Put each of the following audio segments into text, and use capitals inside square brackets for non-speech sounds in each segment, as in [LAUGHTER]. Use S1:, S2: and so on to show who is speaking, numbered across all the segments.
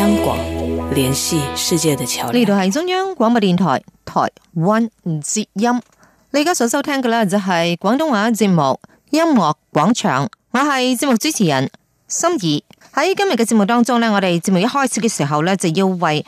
S1: 香港聯繫世界的橋梁。呢度係中央廣播電台台灣之音，你而家所收聽嘅咧就係廣東話節目《音樂廣場》，我係節目主持人心儀。喺今日嘅節目當中咧，我哋節目一開始嘅時候咧就要為，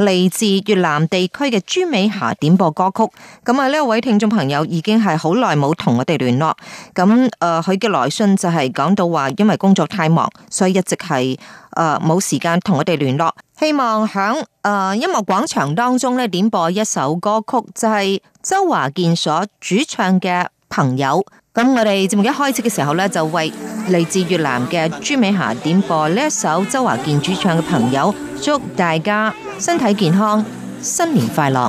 S1: 嚟自越南地區嘅朱美霞點播歌曲，咁啊呢位聽眾朋友已經係好耐冇同我哋聯絡，咁誒佢嘅來信就係講到話，因為工作太忙，所以一直係誒冇時間同我哋聯絡，希望響誒音樂廣場當中咧點播一首歌曲，就係周華健所主唱嘅朋友。咁我哋節目一開始嘅時候呢，就為嚟自越南嘅朱美霞點播呢一首周華健主唱嘅朋友，祝大家身體健康，新年快樂。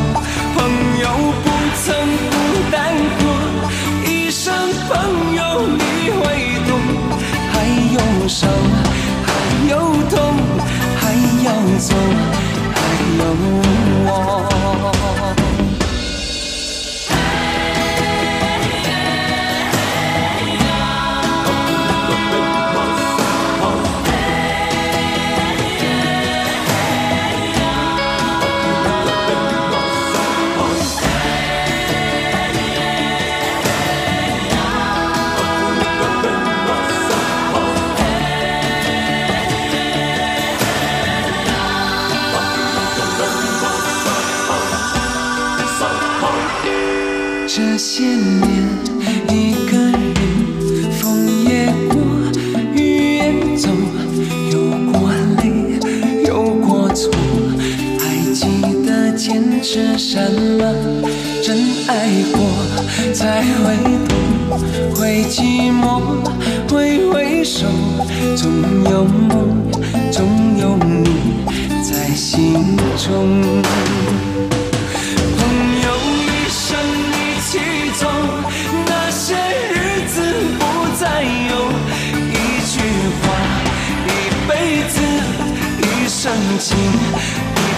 S2: 一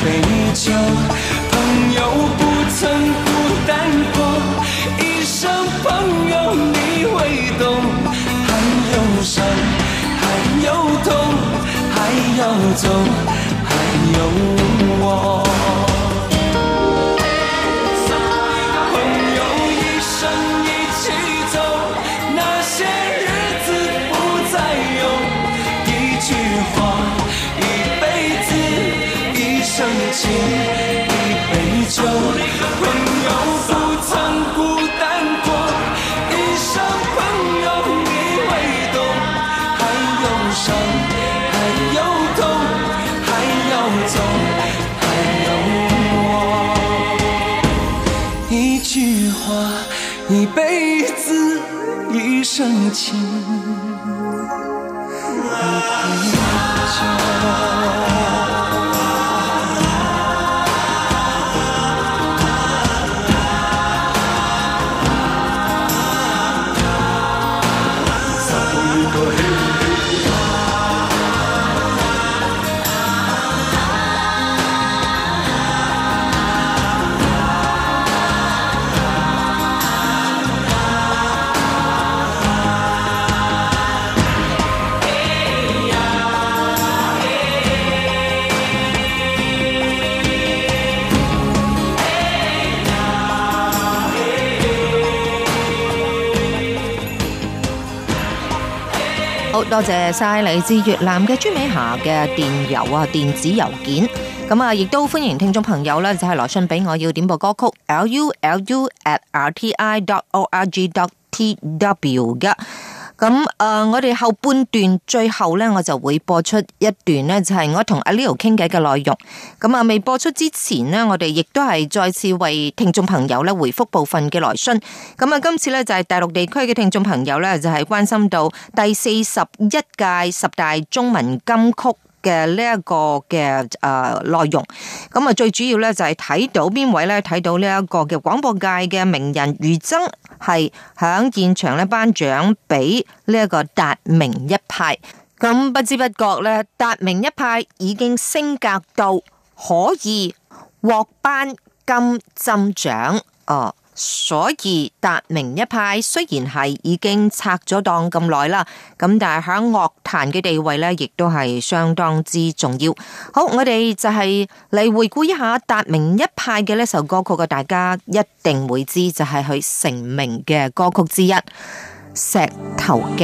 S2: 杯酒。一輩子，一生情。
S1: 好多謝晒嚟自越南嘅朱美霞嘅電郵啊，電子郵件咁啊，亦都歡迎聽眾朋友咧，就係、是、來信俾我，要點播歌曲 lulu at rti dot org dot tw 嘅。D T 咁誒，我哋後半段最後呢，我就會播出一段呢就係我同阿 Leo 傾偈嘅內容。咁啊，未播出之前呢，我哋亦都係再次為聽眾朋友咧回覆部分嘅來信。咁啊，今次呢，就係大陸地區嘅聽眾朋友呢，就係關心到第四十一屆十大中文金曲。嘅呢一個嘅誒內容，咁啊，最主要呢，就係睇到邊位呢？睇到呢一個嘅廣播界嘅名人俞琤，係響現場呢頒獎俾呢一個達明一派，咁不知不覺呢，達明一派已經升格到可以獲頒金針獎哦。所以達明一派雖然係已經拆咗檔咁耐啦，咁但係響樂壇嘅地位呢，亦都係相當之重要。好，我哋就係嚟回顧一下達明一派嘅呢首歌曲嘅，大家一定會知就係、是、佢成名嘅歌曲之一《石頭記》。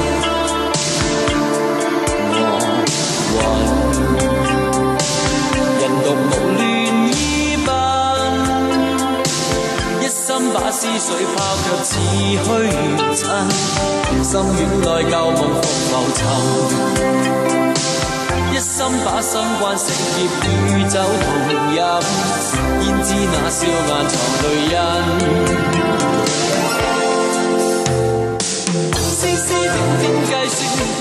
S3: 思緒拋卻似虛塵，心軟內舊夢復浮沉。一心把心關成結，與酒同飲，焉知那笑顏藏淚印？絲絲點點計算。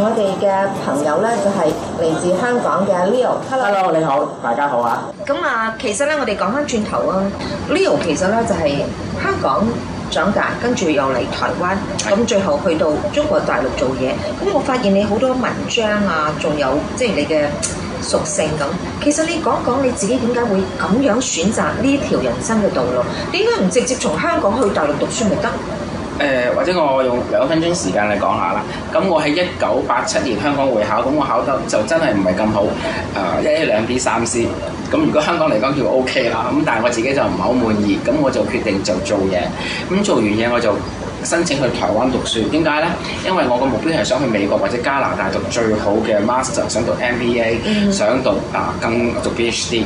S1: 我哋嘅朋友咧就係、是、嚟自香港嘅 Leo。Hello, Hello 你好，大家好啊！咁啊，其實咧，我哋講翻轉頭啊，Leo 其實咧就係、是、香港長大，跟住又嚟台灣，咁最後去到中國大陸做嘢。咁我發現你好多文章啊，仲有即係、就是、你嘅屬性咁。其實你講講你自己點解會咁樣選擇呢條人生嘅道路？點解唔直接從香港去大陸讀書咪得？
S4: 誒、呃、或者我用兩分鐘時間嚟講下啦。咁我喺一九八七年香港會考，咁我考得就真係唔係咁好。誒，一 A 兩 B 三 C。咁如果香港嚟講叫 O K 啦。咁但係我自己就唔係好滿意。咁我就決定就做嘢。咁做，做完嘢我就。申請去台灣讀書，點解呢？因為我嘅目標係想去美國或者加拿大讀最好嘅 master，想讀 MBA，mm hmm. 想讀啊更讀 PhD。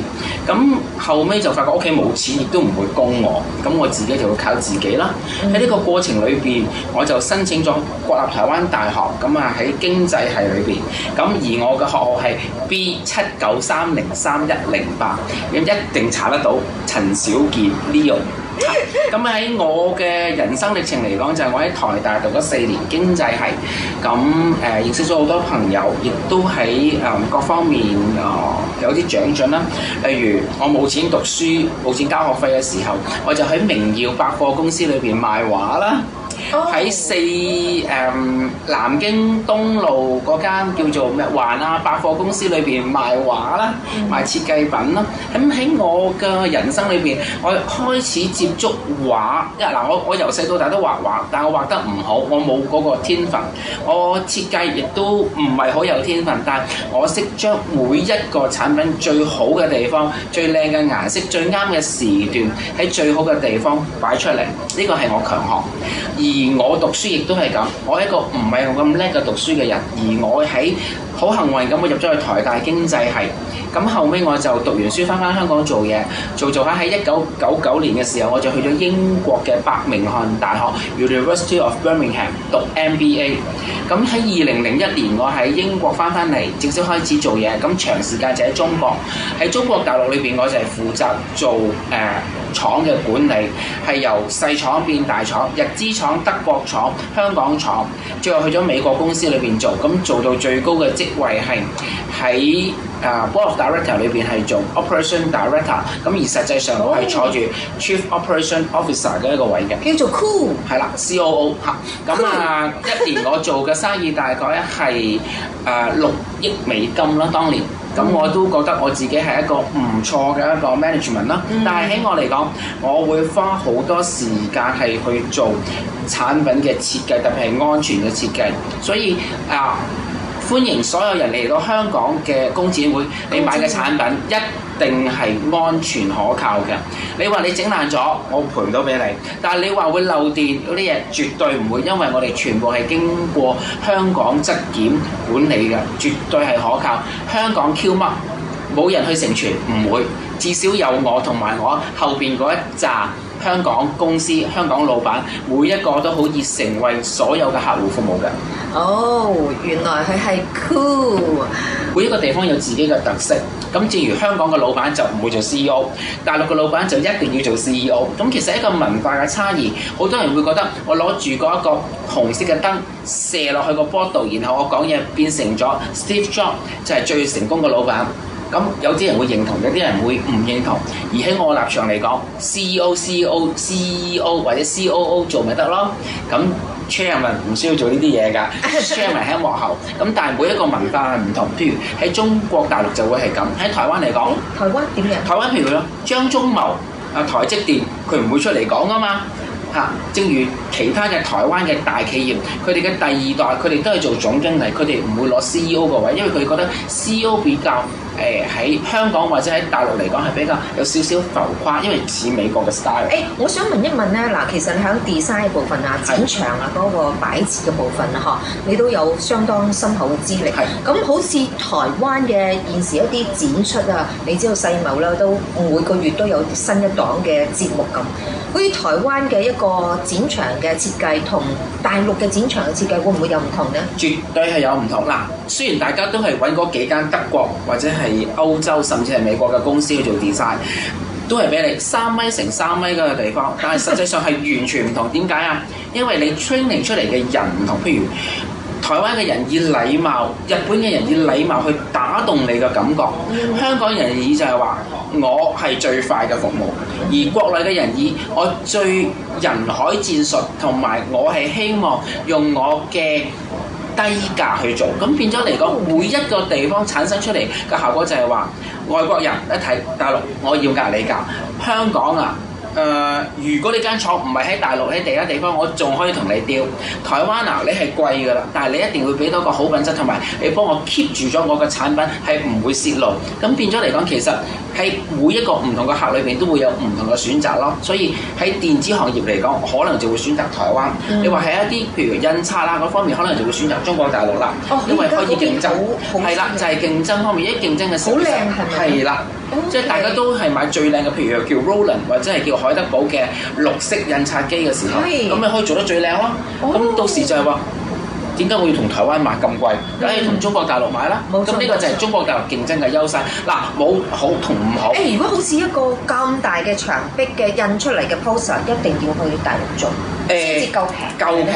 S4: 咁後尾就發覺屋企冇錢，亦都唔會供我，咁我自己就會靠自己啦。喺呢、mm hmm. 個過程裏邊，我就申請咗國立台灣大學，咁啊喺經濟系裏邊。咁而我嘅學號係 B 七九三零三一零八，咁一定查得到陳小傑 Leo。咁喺我嘅人生歷程嚟講，就係、是、我喺台大讀咗四年經濟系，咁誒認識咗好多朋友，亦都喺誒、呃、各方面誒、呃、有啲長進啦。例如我冇錢讀書、冇錢交學費嘅時候，我就喺明耀百貨公司裏邊賣畫啦。喺四誒、嗯、南京東路嗰間叫做咩環啊百貨公司裏邊賣畫啦，賣設計品啦。咁喺我嘅人生裏邊，我開始接觸畫。嗱、啊，我我由細到大都畫畫，但係我畫得唔好，我冇嗰個天分。我設計亦都唔係好有天分，但係我識將每一個產品最好嘅地方、最靚嘅顏色、最啱嘅時段喺最好嘅地方擺出嚟。呢個係我強項。而而我讀書亦都係咁，我係一個唔係咁叻嘅讀書嘅人，而我喺好幸運咁，我入咗去台大經濟系。咁後尾我就讀完書翻返香港做嘢，做做下喺一九九九年嘅時候，我就去咗英國嘅伯明翰大學 University of Birmingham 讀 MBA。咁喺二零零一年，我喺英國翻翻嚟，正式開始做嘢。咁長時間就喺中國，喺中國大陸裏邊，我就係負責做誒，Uh, 廠嘅管理係由細廠變大廠，日資廠、德國廠、香港廠，最後去咗美國公司裏邊做，咁做到最高嘅職位係喺啊，Board Director 裏邊係做 Operation Director，咁而實際上我係坐住 Chief Operation Officer 嘅一個位嘅，叫做 COO，係啦，COO，嚇，咁啊，一年我做嘅生意大概係誒六億美金啦，當年。咁我都覺得我自己係一個唔錯嘅一個 management 啦，嗯、但係喺我嚟講，我會花好多時間係去做產品嘅設計，特別係安全嘅設計，所以啊。歡迎所有人嚟到香港嘅工展會，你買嘅產品一定係安全可靠嘅。你話你整爛咗，我賠到俾你。但係你話會漏電嗰啲嘢，絕對唔會，因為我哋全部係經過香港質檢管理嘅，絕對係可靠。香港 Q 乜？冇人去成全，唔會。至少有我同埋我後邊嗰一紮。香港公司、香港老闆，每一個都可以成為所有嘅客戶服務嘅。哦，原來佢係 cool。 [LAUGHS] 每一個地方有自己嘅特色。咁，正如香港嘅老闆就唔會做 CEO，大陸嘅老闆就一定要做 CEO。咁其實一個文化嘅差異，好多人會覺得我攞住嗰一個紅色嘅燈射落去個波度，然後我講嘢變成咗 Steve Jobs 就係最成功嘅老闆。咁有啲人會認同，有啲人會唔認同。而喺我立場嚟講，C E O、C E O、C E O 或者 C O O 做咪得咯。咁 Chairman 唔需要做呢啲嘢㗎，Chairman 喺幕後。咁但係每一個文化係唔同，譬如喺中國大陸就會係咁，喺台灣嚟講，台灣點樣？台灣譬如咯，張忠謀啊，台積電佢唔會出嚟講㗎嘛。嚇、啊，正如其他嘅台灣嘅大企業，佢哋嘅第二代，佢哋都係做總經理，佢哋唔會攞 C E O 個位，因為佢哋覺得 C E O 比較誒，喺香港或者喺大
S1: 陸嚟講係比較有少少浮誇，因為似美國嘅 style。誒、欸，我想問一問咧，嗱，其實你喺 design 部分啊，展場啊嗰個擺設嘅部分啊，嗬的，你都有相當深厚嘅資歷。係的。咁好似台灣嘅現時一啲展出啊，你知道世貿啦，都每個月都有新一檔嘅節目咁。好似台灣嘅一個展場嘅設計同大陸嘅展場嘅設計會唔會有唔同呢？絕
S4: 對係有唔同啦。雖然大家都係揾嗰幾間德國或者係歐洲甚至係美國嘅公司去做 design，都係俾你三米乘三米嘅地方，但係實際上係完全唔同。點解啊？因為你 training 出嚟嘅人唔同，譬如。台灣嘅人以禮貌，日本嘅人以禮貌去打動你嘅感覺，香港人以就係話我係最快嘅服務，而國內嘅人以我最人海戰術，同埋我係希望用我嘅低價去做，咁變咗嚟講，每一個地方產生出嚟嘅效果就係話，外國人一睇大陸我要價你價，香港啊。誒、呃，如果你間廠唔係喺大陸，喺其他地方，我仲可以同你調。台灣嗱，你係貴㗎啦，但係你一定會俾到一個好品質，同埋你幫我 keep 住咗我個產品係唔會泄露。咁變咗嚟講，其實喺每一個唔同嘅客裏邊都會有唔同嘅選擇咯。所以喺電子行業嚟講，可能就會選擇台灣。嗯、你話喺一啲譬如印刷啦嗰方面，可能就會選擇中國大陸啦，哦、因為可以競爭係啦，了就係競爭方面，一競爭嘅時候係啦。Okay. 即係大家都係買最靚嘅，譬如叫 Roland 或者係叫海德堡嘅綠色印刷機嘅時候，咁你是可以做得最靚啊！咁、oh。到時就係、是、話，點解我要同台灣買咁貴？梗、嗯、要同中國大陸買啦。咁呢錯個就係中國大陸競爭嘅優勢。嗱錯，冇錯、啊、好同唔好。誒、欸，如果
S1: 好似一個咁大嘅牆壁嘅印出嚟嘅 poster，一定要去大陸做先至、欸、夠平，夠平。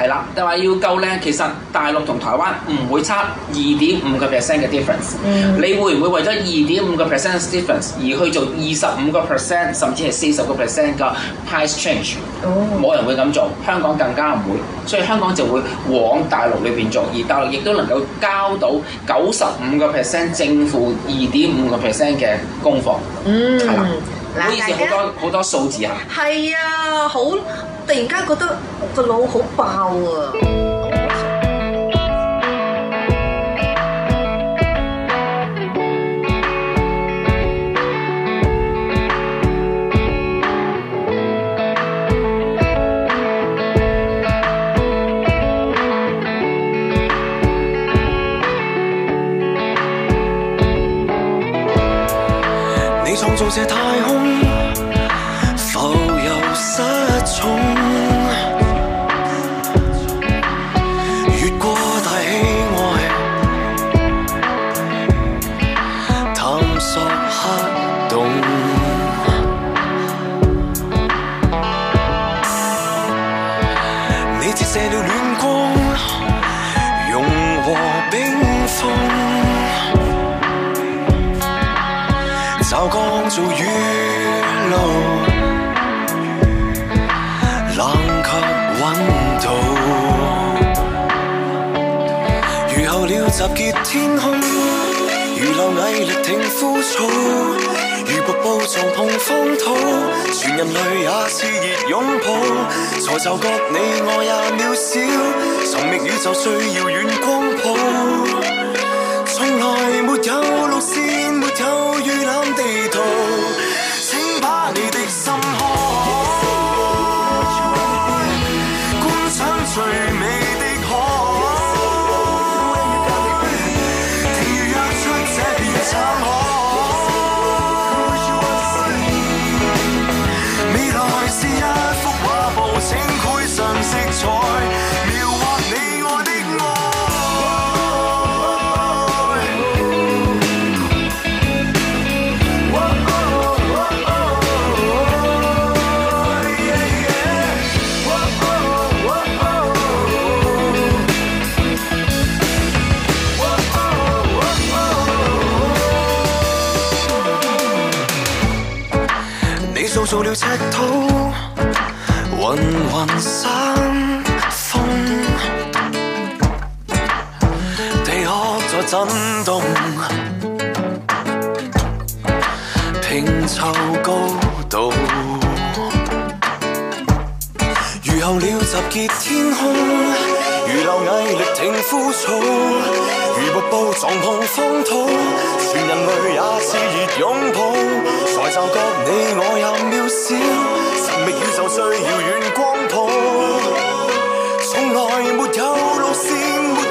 S4: 係啦，但話要夠咧，其實大陸同台灣唔會差二點五個 percent 嘅 difference。Ference，嗯、你會唔會為咗二點五個 percent 嘅 difference 而去做二十五個 percent 甚至係四十個 percent 嘅 price change？冇、哦、人會咁做，香港更加唔會，所以香港就會往大陸裏邊做，而大陸亦都能夠交到九十五個 percent 正負二點五個 percent 嘅供貨。嗯，唔好意思，好多好多數字啊！
S1: 係啊，好。突然間覺得個腦好爆啊！
S5: 如螻蟻力挺枯草，如瀑布撞碰荒土，全人類也熾熱擁抱，才驟覺你我也渺小，尋覓宇宙最遙遠光譜，從來沒有路。做了赤土，雲雲生峯，地殼在震動，拼湊高度。如候鳥集結天空，如螻蟻力挺枯草，如瀑布撞碰風土。全人類也熾熱擁抱，才驟覺你我也渺小。尋覓宇宙最遙遠光譜，從來沒有路線。沒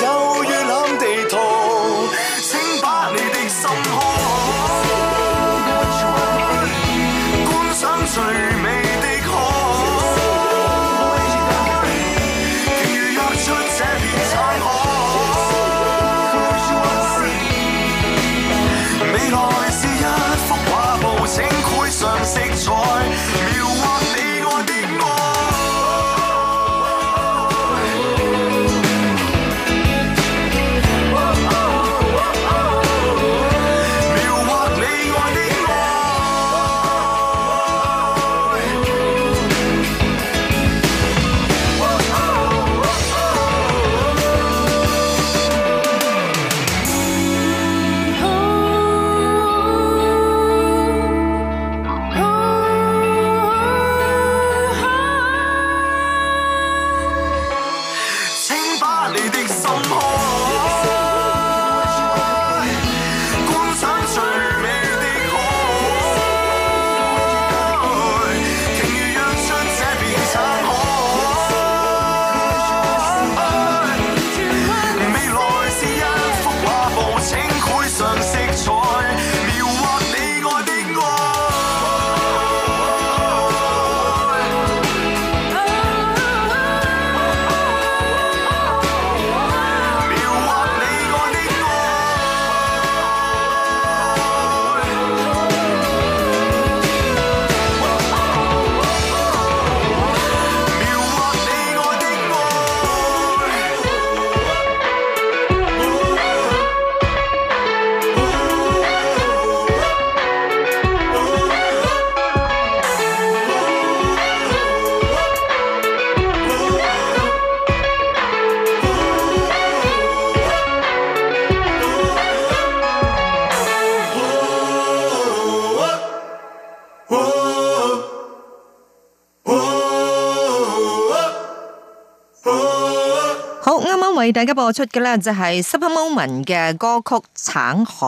S1: 為大家播出嘅呢，就係 Supper Moment 嘅歌曲《橙海》，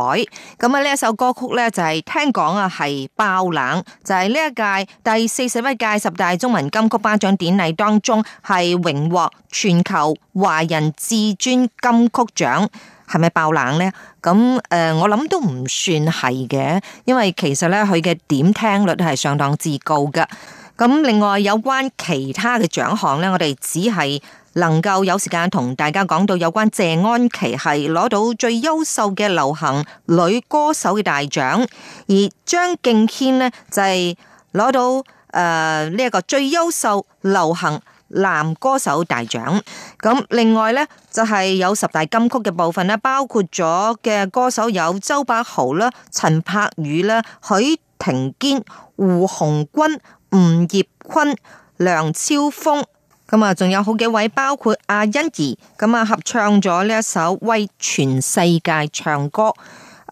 S1: 咁啊呢一首歌曲呢，就係聽講啊係爆冷，就係呢一屆第四十一屆十大中文金曲頒獎典禮當中係榮獲全球華人至尊金曲獎，係咪爆冷呢？咁誒，我諗都唔算係嘅，因為其實呢，佢嘅點聽率係相當之高噶。咁另外有關其他嘅獎項呢，我哋只係能夠有時間同大家講到有關謝安琪係攞到最優秀嘅流行女歌手嘅大獎，而張敬軒呢就係、是、攞到誒呢一個最優秀流行男歌手大獎。咁另外呢，就係、是、有十大金曲嘅部分咧，包括咗嘅歌手有周柏豪啦、陳柏宇啦、許廷堅、胡鴻鈞。吳業坤、梁超峰咁啊，仲有好幾位，包括阿欣怡咁啊，合唱咗呢一首《為全世界唱歌》。Um,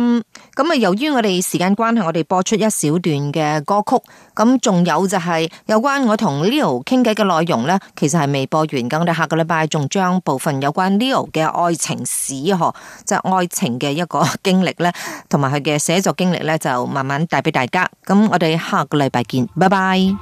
S1: 嗯，咁啊，由於我哋時間關係，我哋播出一小段嘅歌曲，咁、嗯、仲有就係有關我同 Leo 傾偈嘅內容呢，其實係未播完，咁我哋下個禮拜仲將部分有關 Leo 嘅愛情史，呵，即係愛情嘅一個經歷呢，同埋佢嘅寫作經歷呢，就慢慢帶俾大家。咁、嗯、我哋下個禮拜見，拜拜。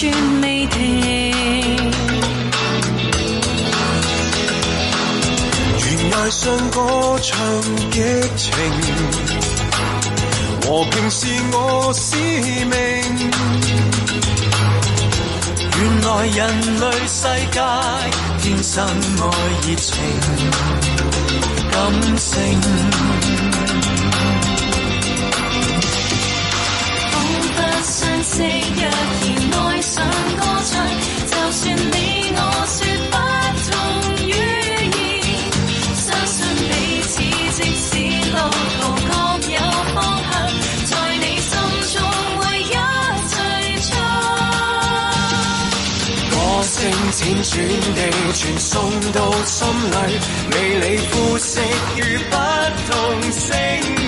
S6: 轉未停，
S5: 懸崖上歌唱激情，和平
S3: 是我使命。原來人類世界天生愛熱情，感性。 [NOISE] [NOISE] 不相識一。
S6: 上歌唱，就算你我說不同語言，相信彼此即使路途各有方向，在你心中會一齊唱。
S5: 歌聲輾轉地傳送到心裏，美麗膚色與不同聲。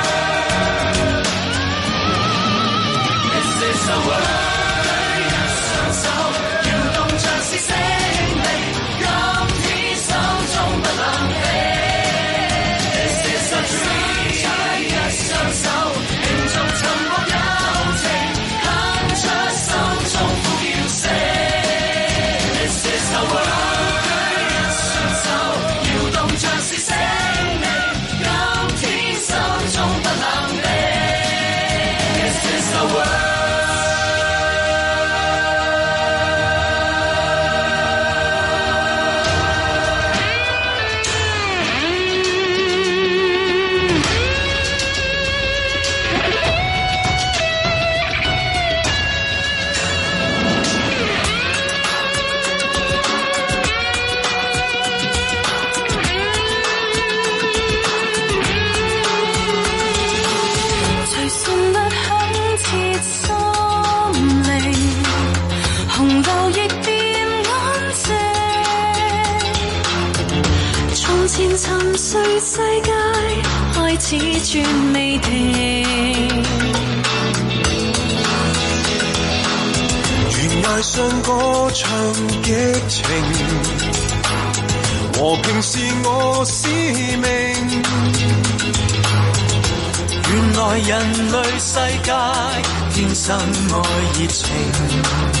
S6: 浮亦變安靜，從前沉睡世界開始轉未停。懸崖上歌唱
S5: 激情，和平是我使
S3: 命。原來人類世界天生愛熱情。